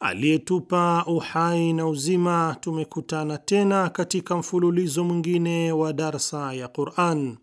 aliyetupa uhai na uzima, tumekutana tena katika mfululizo mwingine wa darsa ya Quran.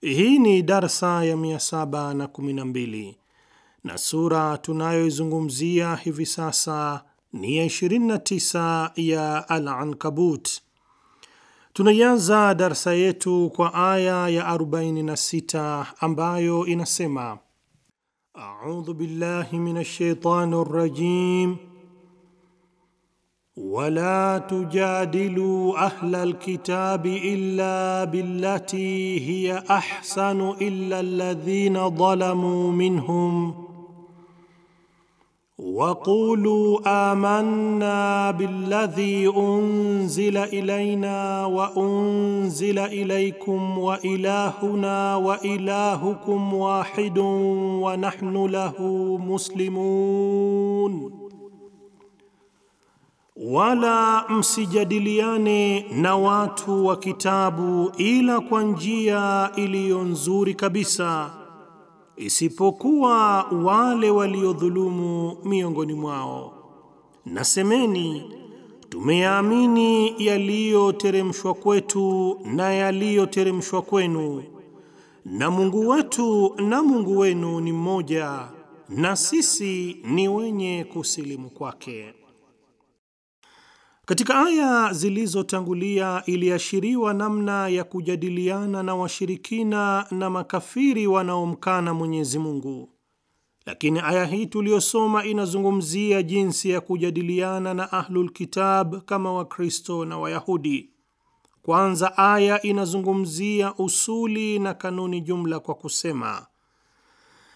Hii ni darsa ya 712 na sura tunayoizungumzia hivi sasa ni ya 29 ya Al-Ankabut. Tunaianza darsa yetu kwa aya ya 46 ambayo inasema اعوذ بالله من الشيطان الرجيم ولا تجادلوا اهل الكتاب الا بالتي هي احسن الا الذين ظلموا منهم Waqulu amanna billadhi unzila ilayna wa unzila ilaykum wa ilahuna wa ilahukum wahidun wa nahnu lahu muslimun, wala msijadiliane na watu wa kitabu ila kwa njia iliyo nzuri kabisa isipokuwa wale waliodhulumu miongoni mwao. nasemeni tumeyaamini yaliyoteremshwa kwetu na yaliyoteremshwa kwenu, na Mungu wetu na Mungu wenu ni mmoja, na sisi ni wenye kusilimu kwake. Katika aya zilizotangulia iliashiriwa namna ya kujadiliana na washirikina na makafiri wanaomkana Mwenyezi Mungu, lakini aya hii tuliyosoma inazungumzia jinsi ya kujadiliana na ahlulkitab kama Wakristo na Wayahudi. Kwanza aya inazungumzia usuli na kanuni jumla kwa kusema,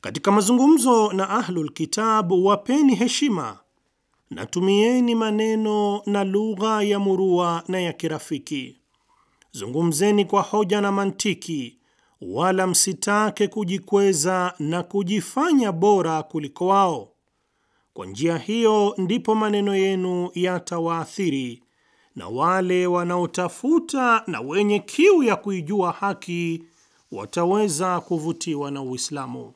katika mazungumzo na ahlulkitab wapeni heshima na tumieni maneno na lugha ya murua na ya kirafiki. Zungumzeni kwa hoja na mantiki, wala msitake kujikweza na kujifanya bora kuliko wao. Kwa njia hiyo ndipo maneno yenu yatawaathiri, na wale wanaotafuta na wenye kiu ya kuijua haki wataweza kuvutiwa na Uislamu.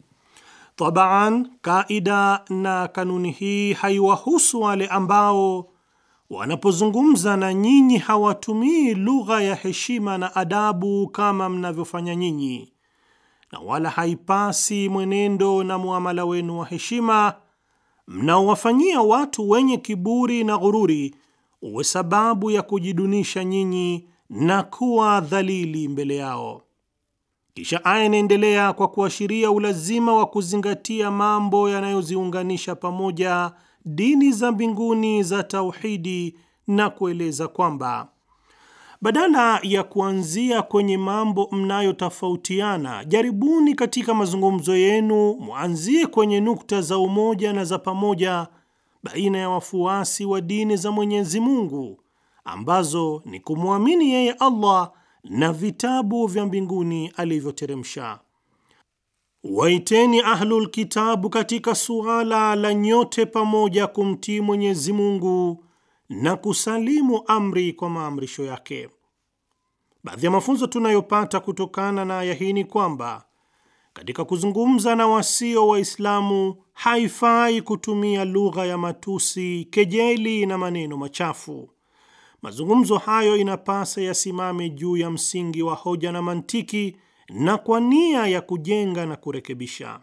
Tabaan, kaida na kanuni hii haiwahusu wale ambao wanapozungumza na nyinyi hawatumii lugha ya heshima na adabu kama mnavyofanya nyinyi, na wala haipasi mwenendo na muamala wenu wa heshima mnaowafanyia watu wenye kiburi na ghururi uwe sababu ya kujidunisha nyinyi na kuwa dhalili mbele yao. Kisha aya inaendelea kwa kuashiria ulazima wa kuzingatia mambo yanayoziunganisha pamoja dini za mbinguni za tauhidi na kueleza kwamba badala ya kuanzia kwenye mambo mnayotofautiana, jaribuni katika mazungumzo yenu mwanzie kwenye nukta za umoja na za pamoja baina ya wafuasi wa dini za Mwenyezi Mungu ambazo ni kumwamini yeye Allah na vitabu vya mbinguni alivyoteremsha. Waiteni ahlul kitabu katika suala la nyote pamoja kumtii Mwenyezi Mungu na kusalimu amri kwa maamrisho yake. Baadhi ya mafunzo tunayopata kutokana na aya hii ni kwamba katika kuzungumza na wasio Waislamu haifai kutumia lugha ya matusi, kejeli na maneno machafu. Mazungumzo hayo inapasa yasimame juu ya msingi wa hoja na mantiki na kwa nia ya kujenga na kurekebisha.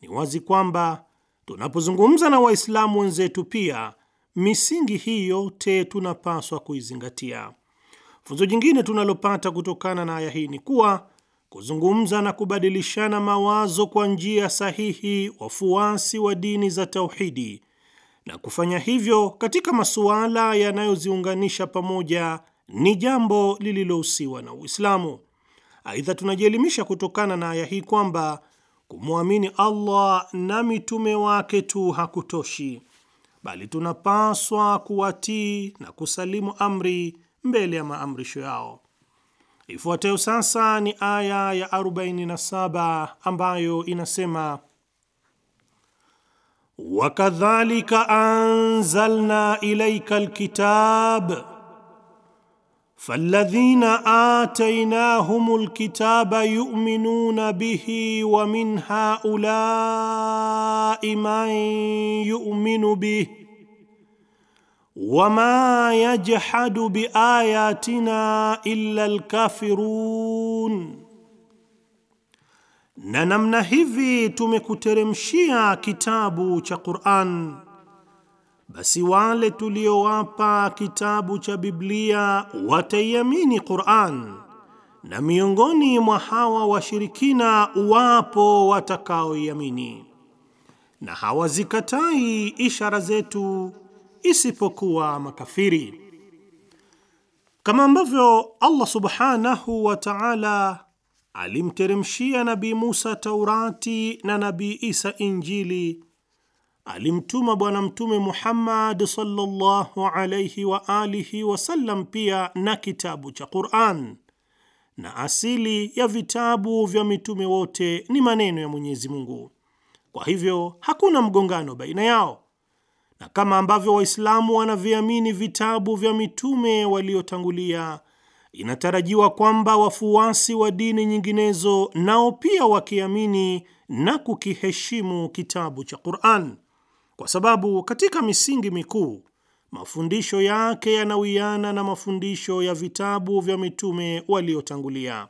Ni wazi kwamba tunapozungumza na Waislamu wenzetu pia misingi hii yote tunapaswa kuizingatia. Funzo jingine tunalopata kutokana na aya hii ni kuwa kuzungumza na kubadilishana mawazo kwa njia sahihi wafuasi wa dini za tauhidi na kufanya hivyo katika masuala yanayoziunganisha pamoja ni jambo lililohusiwa na Uislamu. Aidha, tunajielimisha kutokana na aya hii kwamba kumwamini Allah na mitume wake tu hakutoshi, bali tunapaswa kuwatii na kusalimu amri mbele ya maamrisho yao. Ifuatayo sasa ni aya ya 47 ambayo inasema وكذلك انزلنا اليك الكتاب فالذين اتيناهم الكتاب يؤمنون به ومن هؤلاء من يؤمن به وما يجحد باياتنا الا الكافرون na namna hivi tumekuteremshia kitabu cha Qur'an, basi wale tuliowapa kitabu cha Biblia wataiamini Qur'an, na miongoni mwa hawa washirikina wapo watakaoiamini, na hawazikatai ishara zetu isipokuwa makafiri, kama ambavyo Allah subhanahu wa ta'ala alimteremshia Nabii Musa Taurati na Nabii Isa Injili, alimtuma Bwana Mtume Muhammad sallallahu alayhi wa alihi wasallam pia na kitabu cha Qur'an, na asili ya vitabu vya mitume wote ni maneno ya Mwenyezi Mungu. Kwa hivyo hakuna mgongano baina yao, na kama ambavyo Waislamu wanaviamini vitabu vya mitume waliotangulia inatarajiwa kwamba wafuasi wa dini nyinginezo nao pia wakiamini na kukiheshimu kitabu cha Qur'an, kwa sababu katika misingi mikuu mafundisho yake yanawiana na mafundisho ya vitabu vya mitume waliotangulia.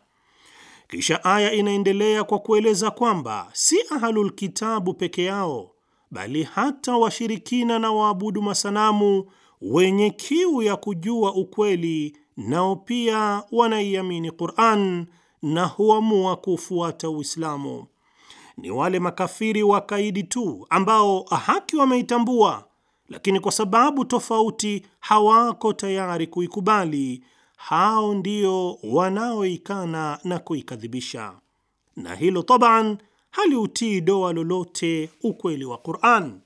Kisha aya inaendelea kwa kueleza kwamba si ahalulkitabu kitabu peke yao, bali hata washirikina na waabudu masanamu wenye kiu ya kujua ukweli nao pia wanaiamini Qur'an na huamua kufuata Uislamu. Ni wale makafiri wa kaidi tu ambao haki wameitambua, lakini kwa sababu tofauti hawako tayari kuikubali. Hao ndio wanaoikana na kuikadhibisha, na hilo taban haliutii doa lolote ukweli wa Qur'an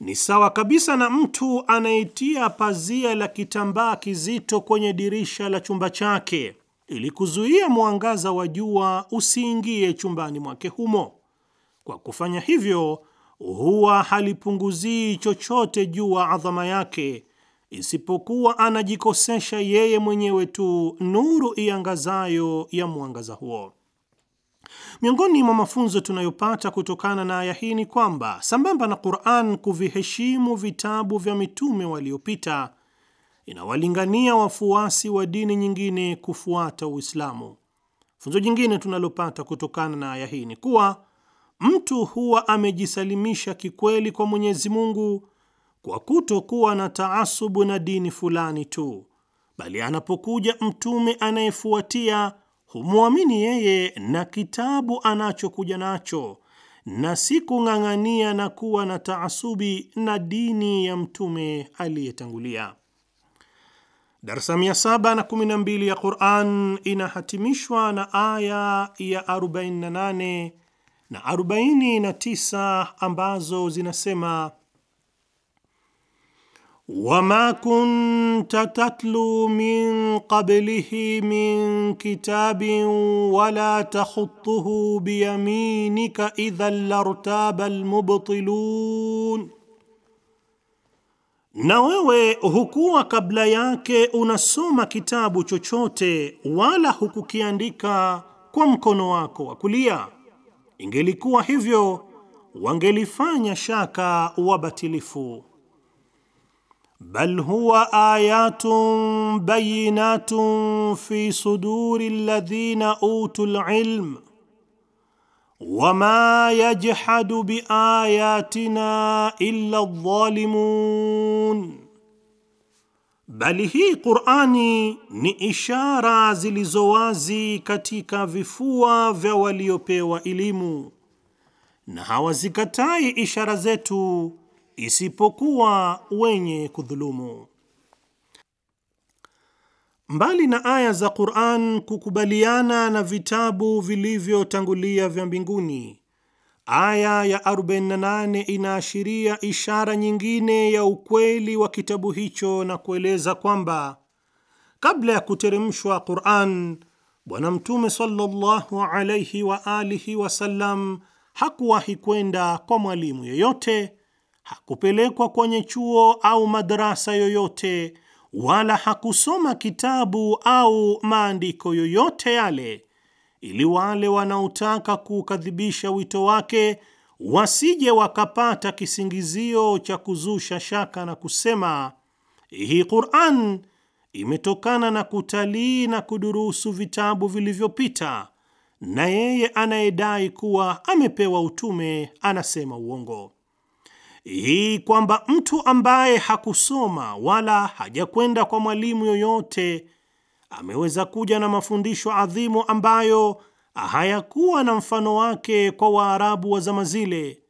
ni sawa kabisa na mtu anayetia pazia la kitambaa kizito kwenye dirisha la chumba chake ili kuzuia mwangaza wa jua usiingie chumbani mwake humo. Kwa kufanya hivyo, huwa halipunguzii chochote jua adhama yake, isipokuwa anajikosesha yeye mwenyewe tu nuru iangazayo ya mwangaza huo. Miongoni mwa mafunzo tunayopata kutokana na aya hii ni kwamba sambamba na Qur'an kuviheshimu vitabu vya mitume waliopita, inawalingania wafuasi wa dini nyingine kufuata Uislamu. Funzo jingine tunalopata kutokana na aya hii ni kuwa mtu huwa amejisalimisha kikweli kwa Mwenyezi Mungu kwa kutokuwa na taasubu na dini fulani tu, bali anapokuja mtume anayefuatia humwamini yeye na kitabu anachokuja nacho na si kung'ang'ania na kuwa na taasubi na dini ya mtume aliyetangulia. Darsa 712 ya Quran inahatimishwa na aya ya 48 na 49 ambazo zinasema wama kunta tatlu min qablihi min kitabin wala takhutuhu biyaminika idhan lartaba almubtilun, na wewe hukuwa kabla yake unasoma kitabu chochote wala hukukiandika kwa mkono wako wa kulia. Ingelikuwa hivyo wangelifanya shaka wabatilifu. بل هو ايات بينات في صدور الذين اوتوا العلم وما يجحد باياتنا الا الظالمون bali hii Qur'ani ni ishara zilizo wazi katika vifua vya waliopewa elimu na hawazikatai ishara zetu isipokuwa wenye kudhulumu. Mbali na aya za Qur'an kukubaliana na vitabu vilivyotangulia vya mbinguni, aya ya 48 inaashiria ishara nyingine ya ukweli wa kitabu hicho na kueleza kwamba kabla ya kuteremshwa Qur'an, Bwana Mtume sallallahu alayhi wa alihi wasallam hakuwahi kwenda kwa mwalimu yeyote hakupelekwa kwenye chuo au madarasa yoyote, wala hakusoma kitabu au maandiko yoyote yale, ili wale wanaotaka kuukadhibisha wito wake wasije wakapata kisingizio cha kuzusha shaka na kusema hii Qur'an imetokana na kutalii na kudurusu vitabu vilivyopita, na yeye anayedai kuwa amepewa utume anasema uongo hii kwamba mtu ambaye hakusoma wala hajakwenda kwa mwalimu yoyote ameweza kuja na mafundisho adhimu ambayo hayakuwa na mfano wake kwa Waarabu wa zama zile,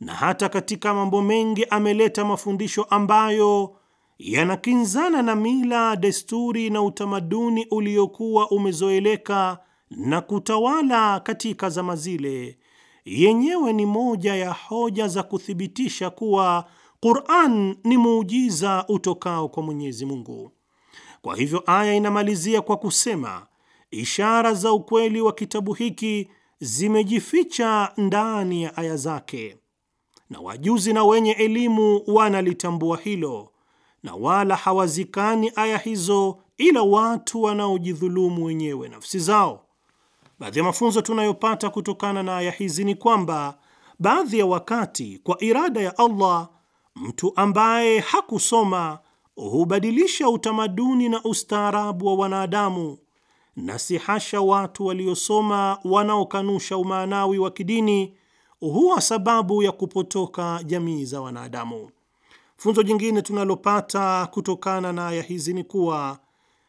na hata katika mambo mengi ameleta mafundisho ambayo yanakinzana na mila, desturi na utamaduni uliokuwa umezoeleka na kutawala katika zama zile yenyewe ni moja ya hoja za kuthibitisha kuwa Qur'an ni muujiza utokao kwa Mwenyezi Mungu. Kwa hivyo aya inamalizia kwa kusema ishara za ukweli wa kitabu hiki zimejificha ndani ya aya zake, na wajuzi na wenye elimu wanalitambua hilo, na wala hawazikani aya hizo ila watu wanaojidhulumu wenyewe nafsi zao. Baadhi ya mafunzo tunayopata kutokana na aya hizi ni kwamba baadhi ya wakati, kwa irada ya Allah, mtu ambaye hakusoma hubadilisha utamaduni na ustaarabu wa wanadamu, na si hasha watu waliosoma wanaokanusha umaanawi wa kidini huwa sababu ya kupotoka jamii za wanadamu. Funzo jingine tunalopata kutokana na aya hizi ni kuwa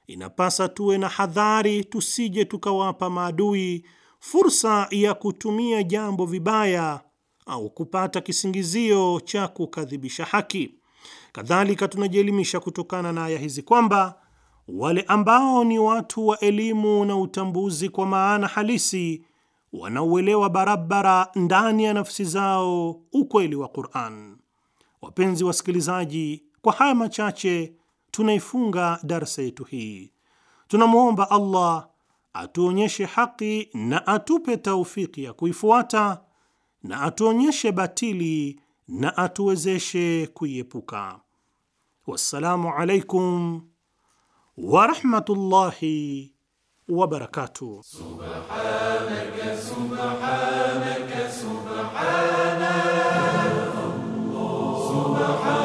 inapasa tuwe na hadhari, tusije tukawapa maadui fursa ya kutumia jambo vibaya au kupata kisingizio cha kukadhibisha haki. Kadhalika, tunajielimisha kutokana na aya hizi kwamba wale ambao ni watu wa elimu na utambuzi kwa maana halisi wanauelewa barabara ndani ya nafsi zao ukweli wa Qur'an. Wapenzi wasikilizaji, kwa haya machache tunaifunga darsa yetu hii. Tunamwomba Allah atuonyeshe haki na atupe taufiki ya kuifuata na atuonyeshe batili na atuwezeshe kuiepuka. Wassalamu alaikum warahmatullahi wabarakatuh. Subhanaka, subhanaka, subhanaka.